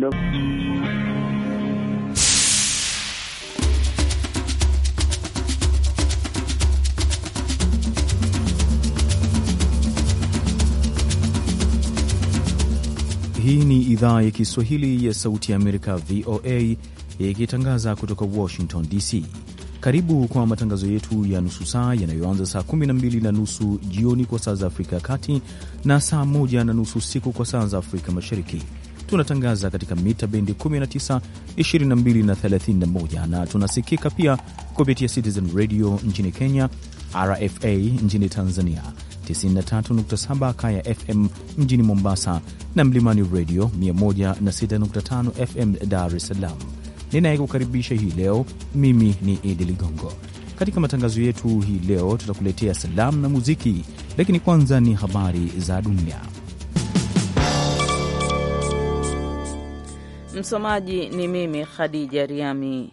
Hello. Hii ni idhaa ya Kiswahili ya Sauti ya Amerika, VOA, ikitangaza kutoka Washington DC. Karibu kwa matangazo yetu ya nusu saa yanayoanza saa 12 na nusu jioni kwa saa za Afrika ya Kati na saa 1 na nusu siku kwa saa za Afrika Mashariki. Tunatangaza katika mita bendi 19, 22 na 31 na tunasikika pia kupitia Citizen Radio nchini Kenya, RFA nchini Tanzania, 93.7 Kaya FM mjini Mombasa na Mlimani Radio 106.5 FM Dar es Salaam. Ninayekukaribisha hii leo mimi ni Idi Ligongo. Katika matangazo yetu hii leo tutakuletea salamu na muziki, lakini kwanza ni habari za dunia. Msomaji ni mimi Khadija Riami.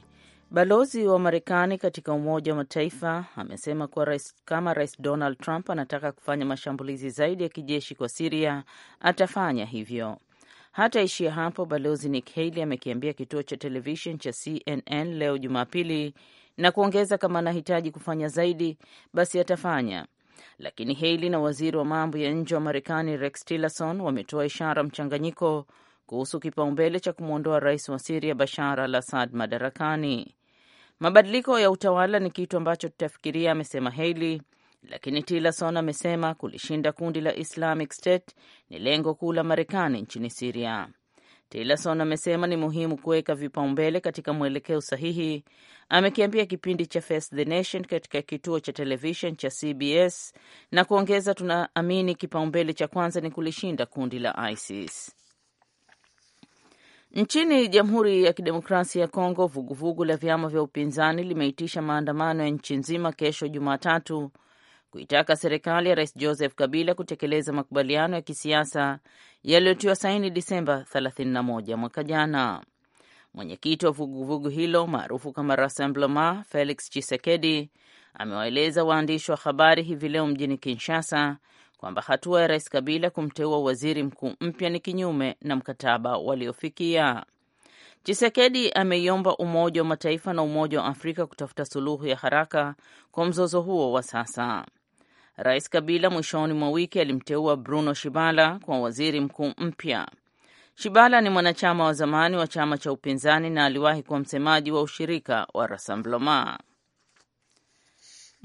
Balozi wa Marekani katika Umoja wa Mataifa amesema kuwa rais, kama Rais Donald Trump anataka kufanya mashambulizi zaidi ya kijeshi kwa Siria atafanya hivyo. Hata ishia hapo, balozi Nick Haley amekiambia kituo cha televishen cha CNN leo Jumapili na kuongeza kama anahitaji kufanya zaidi basi atafanya. Lakini Haley na waziri wa mambo ya nje wa Marekani Rex Tillerson wametoa ishara mchanganyiko kuhusu kipaumbele cha kumwondoa rais wa Siria Bashar al Assad madarakani. Mabadiliko ya utawala ni kitu ambacho tutafikiria, amesema Haley, lakini Tillerson amesema kulishinda kundi la Islamic State ni lengo kuu la Marekani nchini Siria. Tillerson amesema ni muhimu kuweka vipaumbele katika mwelekeo sahihi. Amekiambia kipindi cha Face the Nation katika kituo cha televishen cha CBS na kuongeza, tunaamini kipaumbele cha kwanza ni kulishinda kundi la ISIS. Nchini Jamhuri ya Kidemokrasia ya Kongo, vuguvugu la vyama vya upinzani limeitisha maandamano ya nchi nzima kesho Jumatatu kuitaka serikali ya Rais Joseph Kabila kutekeleza makubaliano ya kisiasa yaliyotiwa saini Disemba 31 mwaka jana. Mwenyekiti wa vuguvugu hilo maarufu kama Rassemblement, Felix chisekedi amewaeleza waandishi wa habari hivi leo mjini Kinshasa kwamba hatua ya Rais Kabila kumteua waziri mkuu mpya ni kinyume na mkataba waliofikia. Chisekedi ameiomba Umoja wa Mataifa na Umoja wa Afrika kutafuta suluhu ya haraka kwa mzozo huo wa sasa. Rais Kabila mwishoni mwa wiki alimteua Bruno Shibala kwa waziri mkuu mpya. Shibala ni mwanachama wa zamani wa chama cha upinzani na aliwahi kuwa msemaji wa ushirika wa Rassemblement.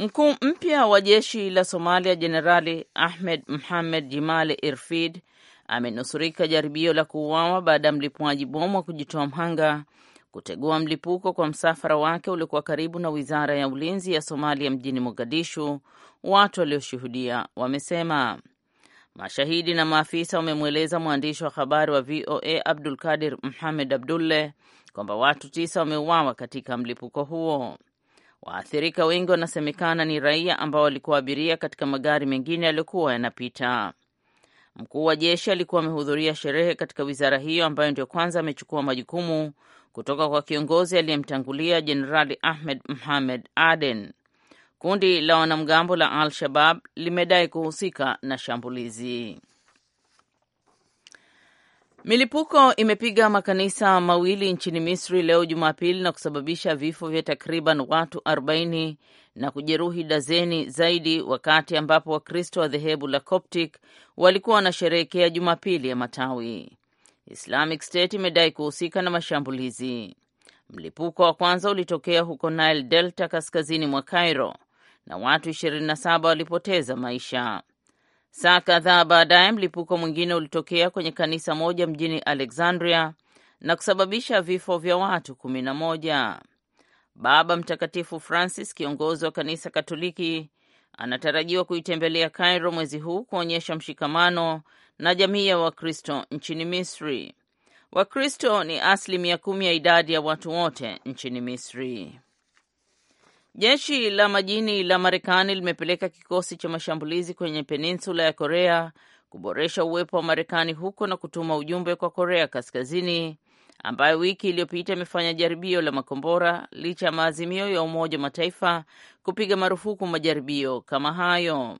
Mkuu mpya wa jeshi la Somalia Jenerali Ahmed mhamed Jimale Irfid amenusurika jaribio la kuuawa baada ya mlipuaji bomu wa kujitoa mhanga kutegua mlipuko kwa msafara wake uliokuwa karibu na wizara ya ulinzi ya Somalia mjini Mogadishu. Watu walioshuhudia wamesema. Mashahidi na maafisa wamemweleza mwandishi wa habari wa VOA Abdul Kadir Mohamed Abdulle kwamba watu tisa wameuawa katika mlipuko huo. Waathirika wengi wanasemekana ni raia ambao walikuwa abiria katika magari mengine yaliyokuwa yanapita. Mkuu wa jeshi alikuwa amehudhuria sherehe katika wizara hiyo ambayo ndio kwanza amechukua majukumu kutoka kwa kiongozi aliyemtangulia Jenerali Ahmed Mohamed Aden. Kundi la wanamgambo la Al-Shabab limedai kuhusika na shambulizi. Milipuko imepiga makanisa mawili nchini Misri leo Jumapili na kusababisha vifo vya takriban watu 40 na kujeruhi dazeni zaidi, wakati ambapo Wakristo wa dhehebu la Coptic walikuwa wanasherehekea Jumapili ya Matawi. Islamic State imedai kuhusika na mashambulizi. Mlipuko wa kwanza ulitokea huko Nile Delta, kaskazini mwa Cairo, na watu 27 walipoteza maisha. Saa kadhaa baadaye mlipuko mwingine ulitokea kwenye kanisa moja mjini Alexandria na kusababisha vifo vya watu kumi na moja. Baba Mtakatifu Francis, kiongozi wa kanisa Katoliki, anatarajiwa kuitembelea Cairo mwezi huu kuonyesha mshikamano na jamii ya Wakristo nchini Misri. Wakristo ni asilimia kumi ya idadi ya watu wote nchini Misri. Jeshi la majini la Marekani limepeleka kikosi cha mashambulizi kwenye peninsula ya Korea kuboresha uwepo wa Marekani huko na kutuma ujumbe kwa Korea Kaskazini ambayo wiki iliyopita imefanya jaribio la makombora licha ya maazimio ya Umoja wa Mataifa kupiga marufuku majaribio kama hayo.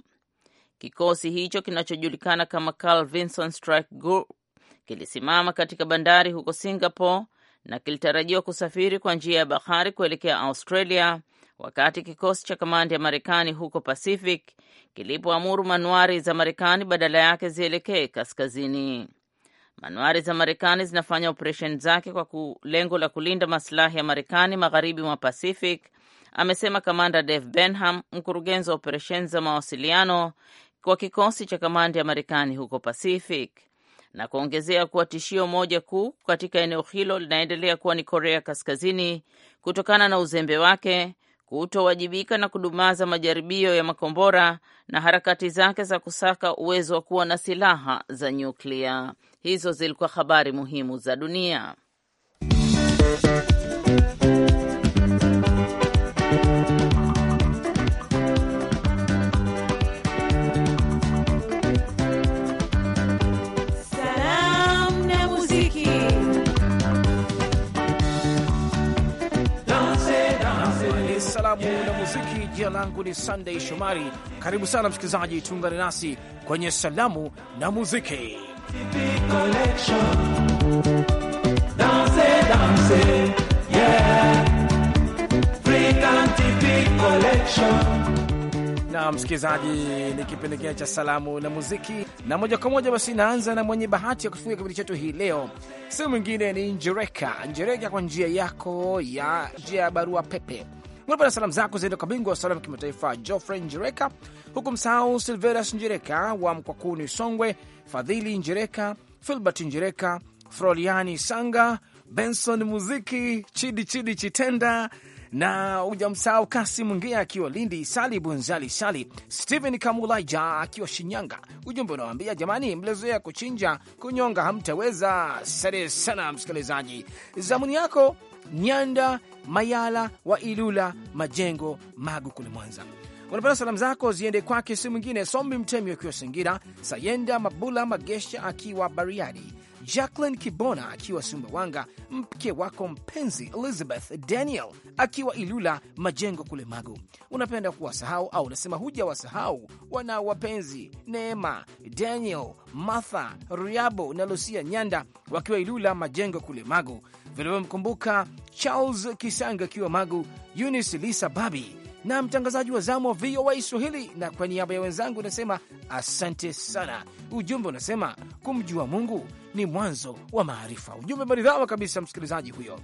Kikosi hicho kinachojulikana kama Carl Vinson Strike Group kilisimama katika bandari huko Singapore na kilitarajiwa kusafiri kwa njia ya bahari kuelekea Australia wakati kikosi cha kamandi ya Marekani huko Pacific kilipoamuru manuari za Marekani badala yake zielekee kaskazini. Manuari za Marekani zinafanya operesheni zake kwa lengo la kulinda masilahi ya Marekani magharibi mwa Pacific, amesema kamanda Dave Benham, mkurugenzi wa operesheni za mawasiliano kwa kikosi cha kamandi ya Marekani huko Pacific, na kuongezea kuwa tishio moja kuu katika eneo hilo linaendelea kuwa ni Korea Kaskazini kutokana na uzembe wake kutowajibika na kudumaza majaribio ya makombora na harakati zake za kusaka uwezo wa kuwa na silaha za nyuklia. Hizo zilikuwa habari muhimu za dunia. Jina langu ni Sunday Shomari. Karibu sana msikilizaji, tuungane nasi kwenye salamu na muziki. na msikilizaji, ni kipindi cha salamu na muziki, na moja kwa moja basi naanza na mwenye bahati ya kufunga kipindi chetu hii leo, sehemu mwingine ni Njereka Njereka, kwa njia yako ya njia ya barua pepe Unapenda salamu zako ziende kwa bingwa wa salamu kimataifa Geoffrey Njireka, huku msahau Silveras Njireka wa Mkwakuni Songwe, Fadhili Njireka, Filbert Njireka, Froliani Sanga, Benson Muziki, Chidi Chidi Chitenda na ujamsahau Kasim Ngia akiwa Lindi, Sali Bunzali Sali, Stephen Kamulaja akiwa Shinyanga. Ujumbe unawambia jamani, mlezoea kuchinja kunyonga hamtaweza. Sare sana msikilizaji, zamuni yako Nyanda Mayala wa Ilula Majengo, Magu kule Mwanza. Unapenda salamu zako ziende kwake, si mwingine Sombi Mtemi akiwa Singira, Sayenda Mabula Magesha akiwa Bariadi, Jacqueline Kibona akiwa Sumbawanga, mke wako mpenzi Elizabeth Daniel akiwa Ilula Majengo kule Magu. Unapenda kuwasahau au unasema huja wasahau wanao wapenzi Neema Daniel, Martha Riabo na Lucia Nyanda wakiwa Ilula Majengo kule Magu. Vilivyomkumbuka Charles Kisanga akiwa Magu, Eunice Lisa Babi na mtangazaji wa zamu wa VOA Swahili, na kwa niaba ya wenzangu unasema asante sana. Ujumbe unasema kumjua Mungu ni mwanzo wa maarifa. Ujumbe maridhawa kabisa, msikilizaji huyo.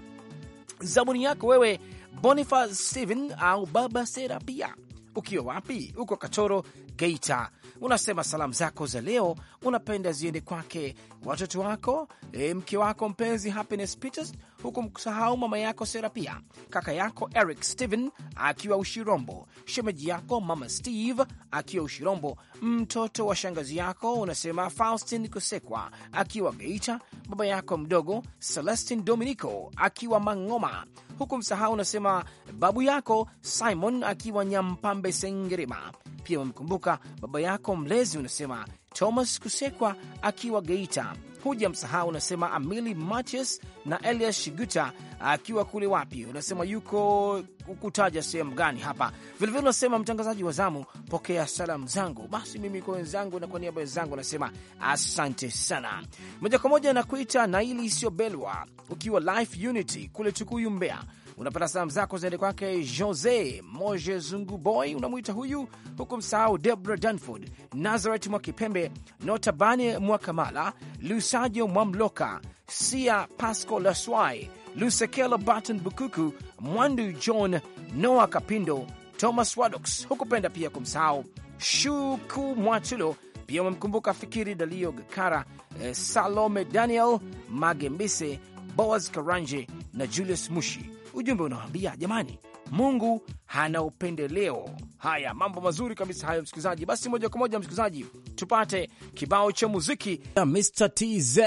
Zabuni yako wewe Boniface Steven au Baba Serapia, ukiwa wapi? Uko Katoro, Geita. Unasema salamu zako za leo unapenda ziende kwake watoto wako, e, mke wako mpenzi Happiness Peters huku mkusahau mama yako Serapia, kaka yako Eric Steven akiwa Ushirombo, shemeji yako mama Steve akiwa Ushirombo, mtoto wa shangazi yako unasema Faustin Kusekwa akiwa Geita, baba yako mdogo Celestin Dominico akiwa Mang'oma, huku msahau unasema babu yako Simon akiwa Nyampambe Sengerema. Pia umemkumbuka baba yako mlezi unasema Thomas Kusekwa akiwa Geita huja msahau, unasema Amili Matches na Elias Shiguta akiwa kule wapi, unasema yuko ukutaja sehemu gani hapa. Vilevile unasema mtangazaji wa zamu, pokea salamu zangu. Basi mimi kwa wenzangu na kwa niaba wenzangu nasema asante sana. Moja kwa moja nakuita Naili Siobelwa ukiwa Life Unity kule Tukuyu, Mbeya Unapata salamu zako zaende kwake Jose Moje Boy, unamwita huyu, huku msahau Debra Danford, Nazaret Mwakipembe, Notabane Mwakamala, Lusajo Mwamloka, Sia Pasco Laswai, Lusekelo Barton Bukuku, Mwandu John, Noa Kapindo, Thomas Wadox. Hukupenda pia kumsahau Shuku Mwatulo, pia umemkumbuka Fikiri Dalio Gakara, eh, Salome Daniel Magembise, Boaz Karanje na Julius Mushi ujumbe unawambia jamani, Mungu hana upendeleo. Haya mambo mazuri kabisa hayo, msikilizaji. Basi moja kwa moja, msikilizaji, tupate kibao cha muziki na Mr TZ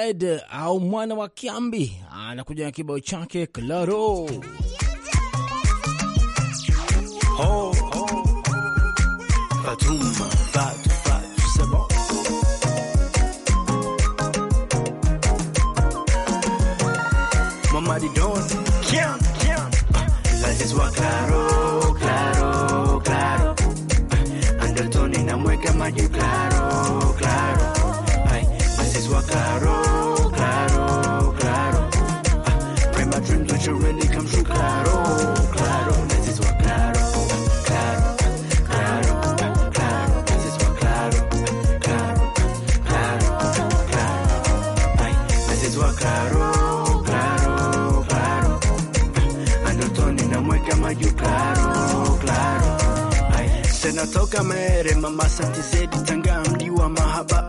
au mwana wa Kiambi anakuja na kibao chake Claro. Oh, oh. Fatuma, Fatuma. what I guacaro. Santi, claro, claro. Ay, tena toka mere mama Santi zedi tanga mdiwa mahaba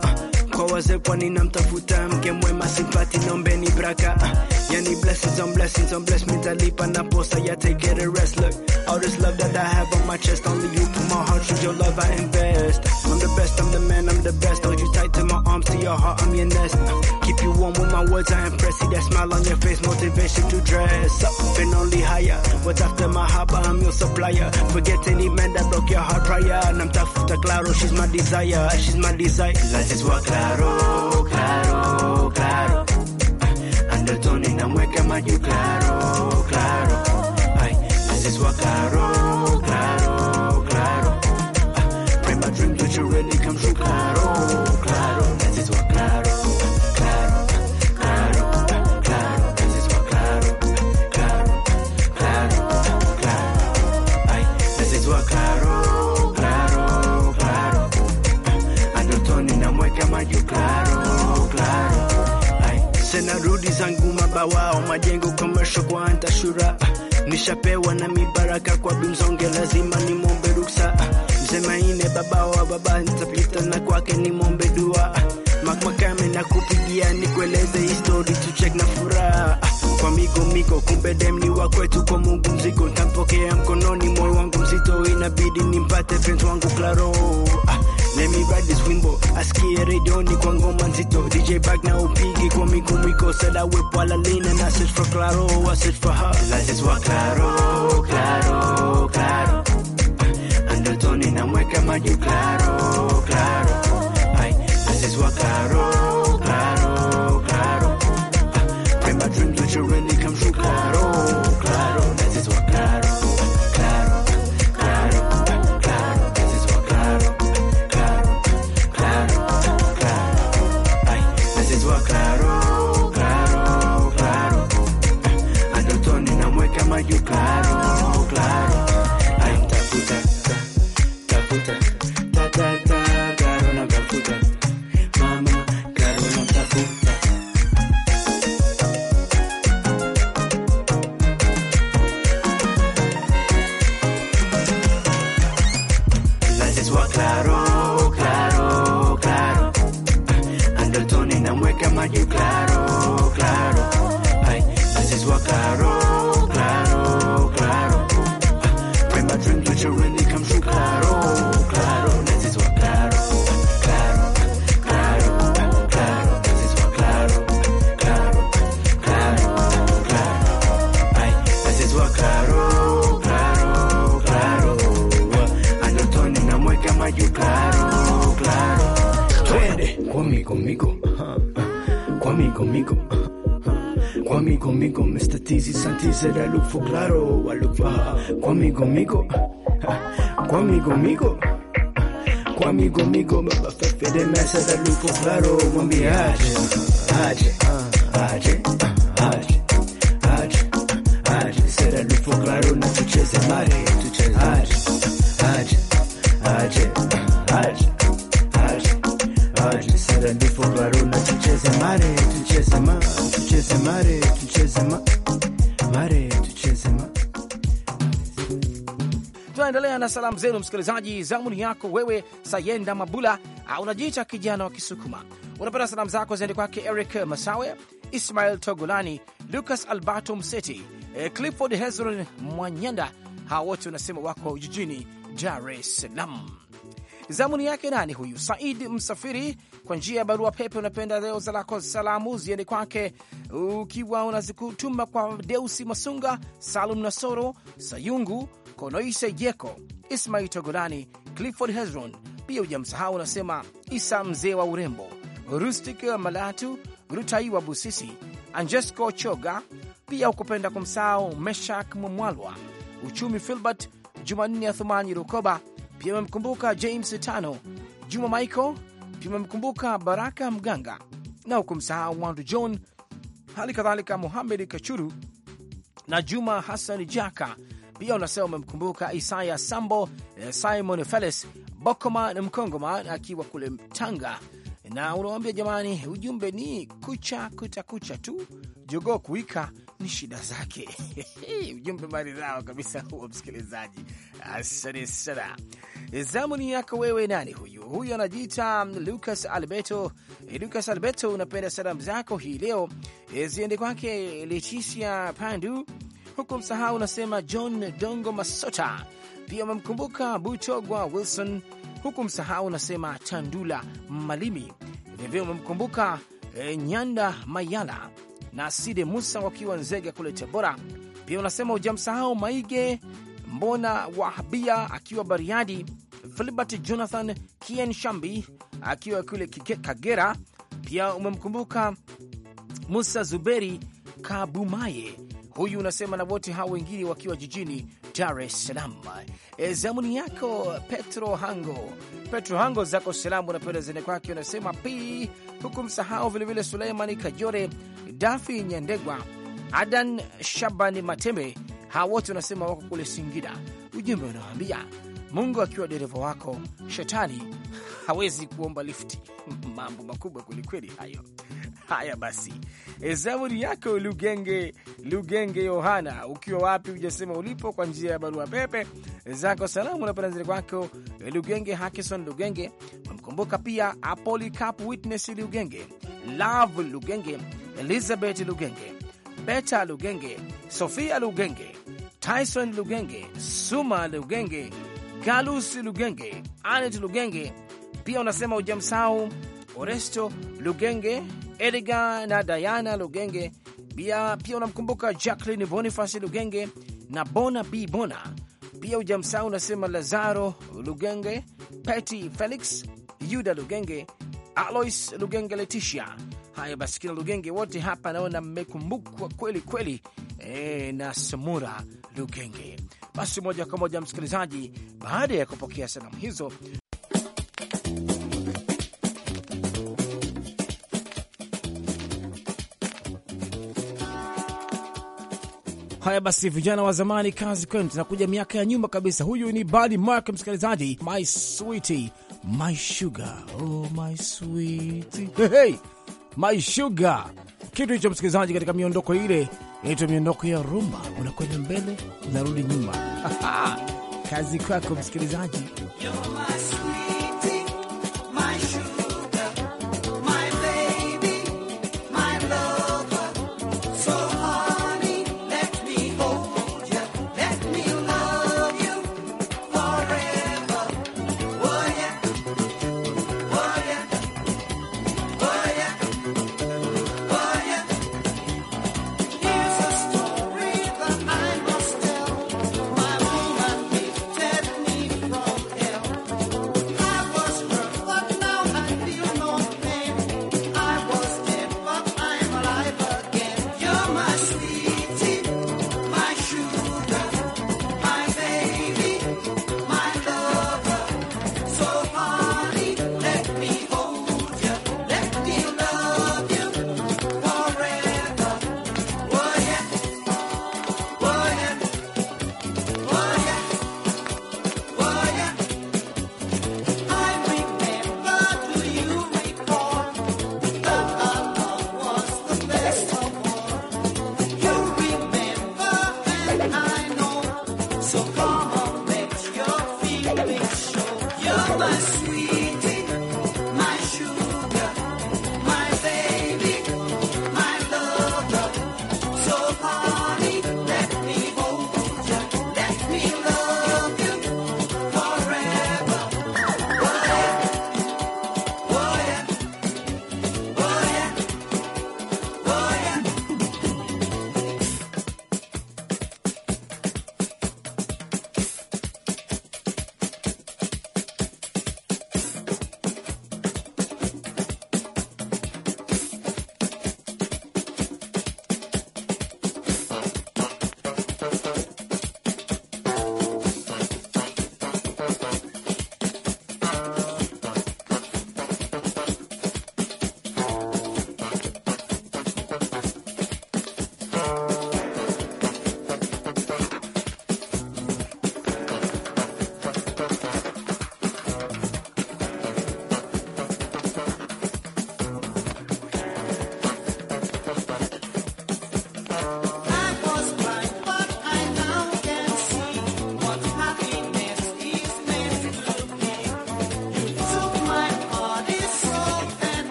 Kawaze kwani namtafuta mke mwema, simpati nombeni braka. Ah, yani blessings on blessings on bless me talipa na posa ya take it a rest. Look, all this love that I have on my chest, only you put my heart through your love I invest. I'm the best, I'm the man, I'm the best. Hold you tight to my arms, to your heart, I'm your nest. Ah, keep you warm with my words, I impress. See that smile on your face, motivation to dress up and only higher. What's after my but I'm your supplier. Forget any man that broke your heart prior. And I'm tough to Claro, she's my desire, she's my desire. Let's walk out. claro, claro, claro. Anderton en la mueca, mayo, claro, claro. Ay, haces su aclaro. haraka kwa bimzonge, lazima mombe ruksa mzee Maine, baba wa baba, nitapita na kwake mombe dua makmakame na kupigia nikueleze histori tuchek na furaha kwa migo miko, kumbe dem ni wa kwetu, kwa Mungu mzigo leo ni kwa ngoma nzito, DJ bag na upigi kwa miko sada wepo ala lina na search for claro, wa search for her, la search for claro, claro, claro, andotoni na mweka maju claro, claro, ay, la search for claro said I look for Claro, I look for her. Conmigo, migo. Conmigo, migo. Conmigo, mama Baba Fefe de Mesa, I look for Claro. Mami, aje, aje, aje. Tunaendelea na salamu zenu msikilizaji, zamuni yako wewe Sayenda Mabula, unajiita kijana wa Kisukuma, unapenda salamu zako ziende kwake Eric Masawe, ismael Togolani, Lucas Alberto Mseti, eh, Clifford Hezron Mwanyanda, hawa wote unasema wako jijini Dar es Salaam. Zamuni yake nani huyu? Said Msafiri, kwa njia ya barua pepe unapenda leo zalako salamu ziende kwake, ukiwa unazikutuma kwa Deusi Masunga, Salum Nasoro Sayungu Konoise Jeko, Ismail Togolani, Clifford Hezron. Pia hujamsahau unasema Isa mzee wa urembo, Rustik Malatu, Rutaiwa Busisi, Anjesco Choga. Pia hukupenda kumsahau Meshak Mumwalwa, Uchumi Filbert, Jumanne Athumani Rukoba. Pia amemkumbuka James Tano, Juma Michael. Pia amemkumbuka Baraka Mganga na hukumsahau Mwandu John, hali kadhalika Muhamed Kachuru na Juma Hassan Jaka pia unasema umemkumbuka Isaya Sambo, eh, Simon Feles Bokoma na Mkongoma akiwa kule Tanga, na unawambia jamani, ujumbe ni kucha kuta kucha tu, jogoo kuwika ni shida zake. Ujumbe maridhawa kabisa huo, msikilizaji, asante sana. Zamu ni yako wewe. Nani huyu? Huyu anajiita mm, Lucas Alberto. Eh, Lucas Alberto, unapenda salamu zako hii leo eh, ziende kwake Leticia Pandu msahau unasema John Dongo Masota, pia umemkumbuka Butogwa Wilson, huku msahau unasema Tandula Malimi, vilevile umemkumbuka e, Nyanda Mayala na Side Musa wakiwa Nzega kule Tabora. Pia unasema hujamsahau Maige Mbona Wahabia akiwa Bariadi, Filibert Jonathan Kien Shambi akiwa kule Kagera. Pia umemkumbuka Musa Zuberi Kabumaye huyu unasema na wote hao wengine wakiwa jijini Dar es Salaam. E, zamuni yako Petro Hango, Petro Hango zako salamu napenda zene kwake, unasema p huku msahau vilevile Suleimani Kajore, Dafi Nyandegwa, Adan Shabani Matembe, hawa wote unasema wako kule Singida. Ujumbe unawaambia Mungu akiwa dereva wako, shetani hawezi kuomba lifti. Mambo makubwa kwelikweli hayo. Haya basi, e, zaburi yako Lugenge Lugenge Yohana, ukiwa wapi hujasema ulipo, kwa njia ya barua pepe e, zako salamu na panaziri kwako e, Lugenge Hakison Lugenge. Wamkumbuka pia Cap Witness Lugenge, Love Lugenge, Elizabeth Lugenge, Beta Lugenge, Sofia Lugenge, Tyson Lugenge, Suma Lugenge, Galus Lugenge, Anet Lugenge. Pia unasema ujamsau Oresto Lugenge Edgar na Diana Lugenge. Pia pia unamkumbuka Jacqueline Boniface Lugenge na Bona B Bona. Pia ujamsau unasema Lazaro Lugenge, Peti Felix, Yuda Lugenge, Alois Lugenge, Leticia. Haya basi, kina Lugenge wote hapa naona mmekumbukwa kweli kweli, e, na Samura Lugenge. Basi moja kwa moja msikilizaji, baada ya kupokea salamu hizo, Haya basi, vijana wa zamani, kazi kwenu. Tunakuja miaka ya nyuma kabisa. Huyu ni Badi Mark, msikilizaji, my sweetie, my sugar, oh my sweetie, hey, hey, my sugar. Kitu hicho msikilizaji, katika miondoko ile inaitwa miondoko ya rumba, unakwenda mbele unarudi nyuma. Kazi kwako msikilizaji.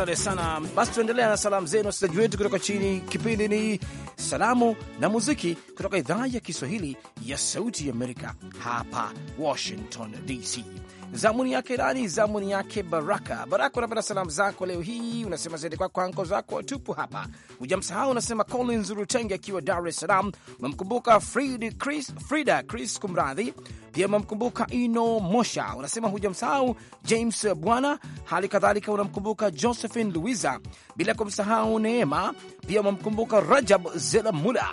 asante sana. Basi tuendelea na salamu zenu wasikilizaji wetu kutoka chini. Kipindi ni salamu na muziki kutoka idhaa ya Kiswahili ya Sauti ya Amerika hapa Washington DC. Zamuni yake nani? Zamuni yake Baraka. Baraka, unapenda salamu zako leo hii, unasema zaidi kwako anko zako watupu hapa, hujamsahau unasema Collins Rutenge akiwa Dar es Salaam, umemkumbuka Frida Chris, kumradhi, pia umemkumbuka Ino Mosha, unasema hujamsahau James Bwana, hali kadhalika unamkumbuka Josephine louisa bila kumsahau Neema, pia umemkumbuka Rajab Zelamula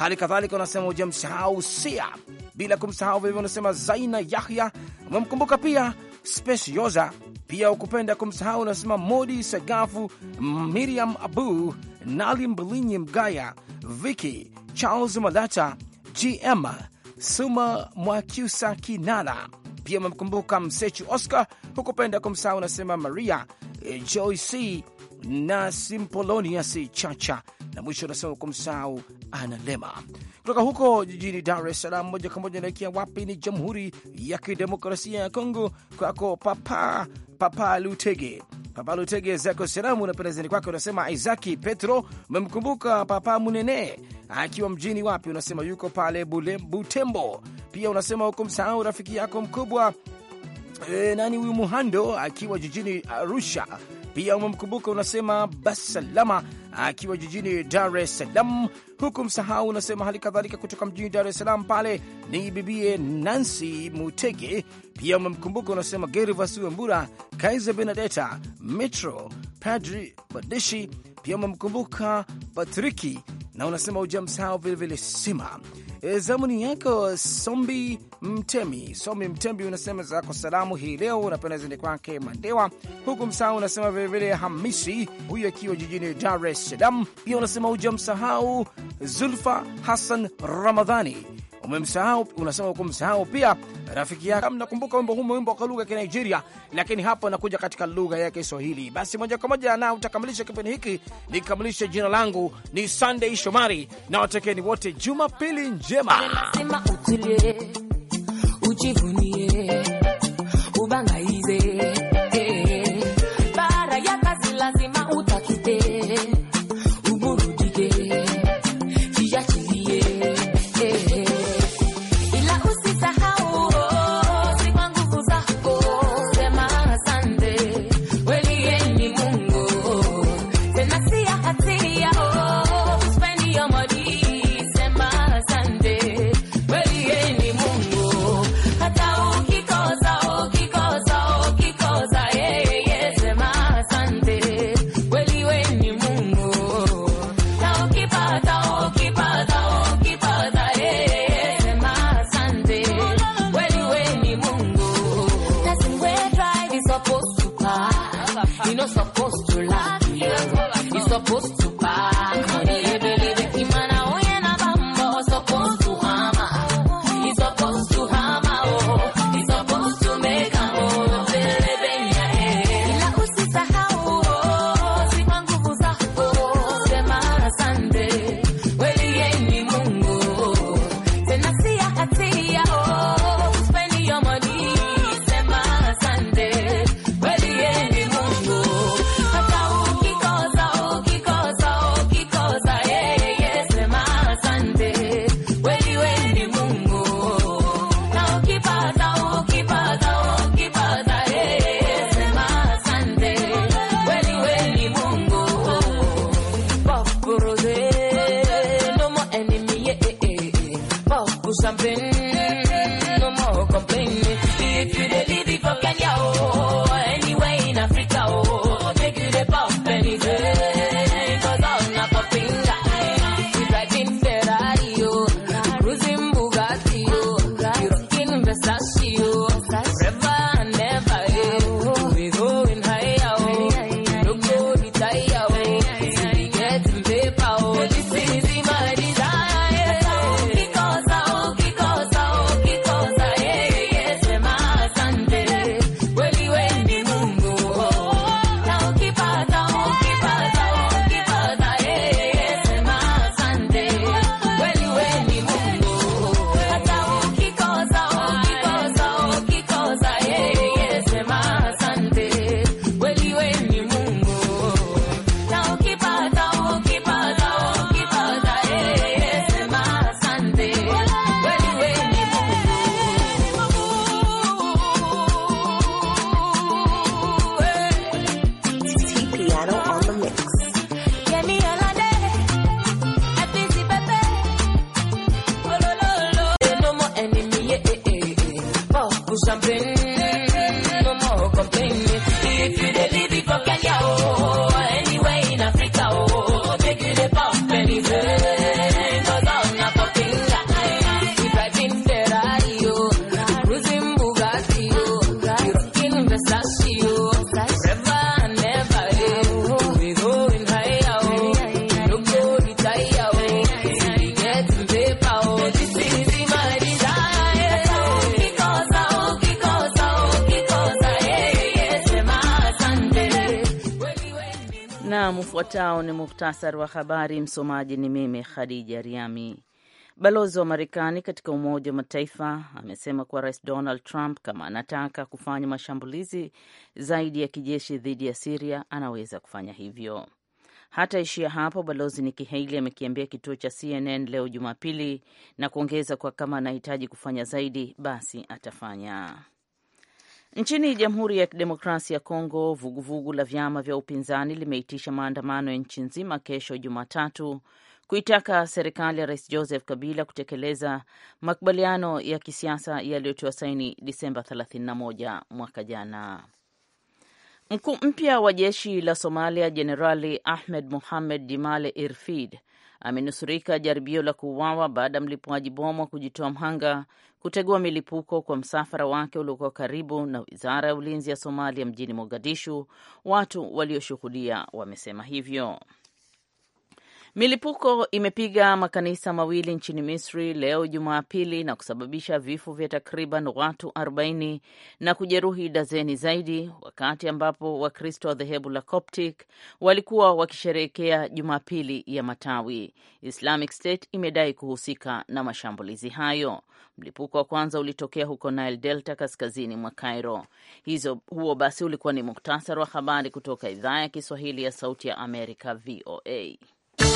Hali kadhalika unasema hujamsahau Sia, bila kumsahau vilivyo, unasema Zaina Yahya umemkumbuka pia Specioza, pia ukupenda kumsahau unasema Modi Sagafu, Miriam Abu, Nali Mbilinyi, Mgaya Viki, Charles Malata, GM Suma Mwakyusa Kinana, pia umemkumbuka Msechu Oscar, hukupenda kumsahau unasema Maria eh, Joyc na Simpolonius Chacha, na mwisho unasema kumsahau analema. Kutoka huko jijini Dar es Salaam moja kwa moja anaelekea wapi? Ni Jamhuri ya Kidemokrasia ya Kongo, kwako Papa Papa Lutege. Papa Lutege, zako salamu unapenda pendezeni kwake, unasema Isaki Petro umemkumbuka Papa Munene akiwa mjini wapi? Unasema yuko pale Bule, Butembo. Pia unasema huko msahau rafiki yako mkubwa e, nani huyu Muhando akiwa jijini Arusha pia umemkumbuka unasema bassalama akiwa jijini Dar es Salaam, huku msahau unasema hali kadhalika kutoka mjini Dar es Salaam pale ni bibie Nancy Mutege. Pia umemkumbuka unasema Geri Vasiwe Mbura, Kaiza Benedeta, Metro Padri Badishi pia umemkumbuka Patriki na unasema ujamsahau vilevile Sima. E, zamuni yako Sombi Mtemi, Sombi Mtembi unasema zako salamu hii leo unapenda zende kwake Mandewa huku msahau, unasema vilevile Hamisi huyu akiwa jijini Dar es Salaam. Pia unasema msahau Zulfa Hassan Ramadhani Umemsahau, unasema uko msahau pia rafiki yake. Mnakumbuka wimbo huu, wimbo kwa lugha ya Nigeria, lakini hapo anakuja katika lugha ya Kiswahili. Basi moja kwa moja na utakamilisha kipindi hiki, nikamilisha. Jina langu ni Sunday Shomari na watekeni wote, Jumapili njema. ujivunie, ubangaize Ufuatao ni muhtasari wa habari. Msomaji ni mimi Khadija Riami. Balozi wa Marekani katika Umoja wa Mataifa amesema kuwa Rais Donald Trump kama anataka kufanya mashambulizi zaidi ya kijeshi dhidi ya Siria anaweza kufanya hivyo. Hata ishia hapo, balozi Nikki Haley amekiambia kituo cha CNN leo Jumapili na kuongeza kuwa kama anahitaji kufanya zaidi, basi atafanya. Nchini Jamhuri ya Kidemokrasia ya Kongo, vuguvugu la vyama vya upinzani limeitisha maandamano ya nchi nzima kesho Jumatatu kuitaka serikali ya Rais Joseph Kabila kutekeleza makubaliano ya kisiasa yaliyotiwa saini Disemba 31 mwaka jana. Mkuu mpya wa jeshi la Somalia Jenerali Ahmed Muhamed Jimale Irfid amenusurika jaribio la kuuawa baada ya mlipuaji bomu wa kujitoa mhanga kutegua milipuko kwa msafara wake uliokuwa karibu na wizara ya ulinzi ya Somalia mjini Mogadishu. Watu walioshuhudia wamesema hivyo. Milipuko imepiga makanisa mawili nchini Misri leo Jumapili na kusababisha vifo vya takriban watu 40 na kujeruhi dazeni zaidi, wakati ambapo Wakristo wa dhehebu la Coptic walikuwa wakisherehekea Jumapili ya Matawi. Islamic State imedai kuhusika na mashambulizi hayo. Mlipuko wa kwanza ulitokea huko Nile Delta, kaskazini mwa Cairo. Hizo huo basi ulikuwa ni muktasari wa habari kutoka idhaa ya Kiswahili ya Sauti ya Amerika, VOA.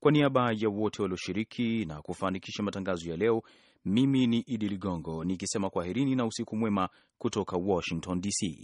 Kwa niaba ya wote walioshiriki na kufanikisha matangazo ya leo, mimi ni Idi Ligongo nikisema kwaherini na usiku mwema kutoka Washington DC.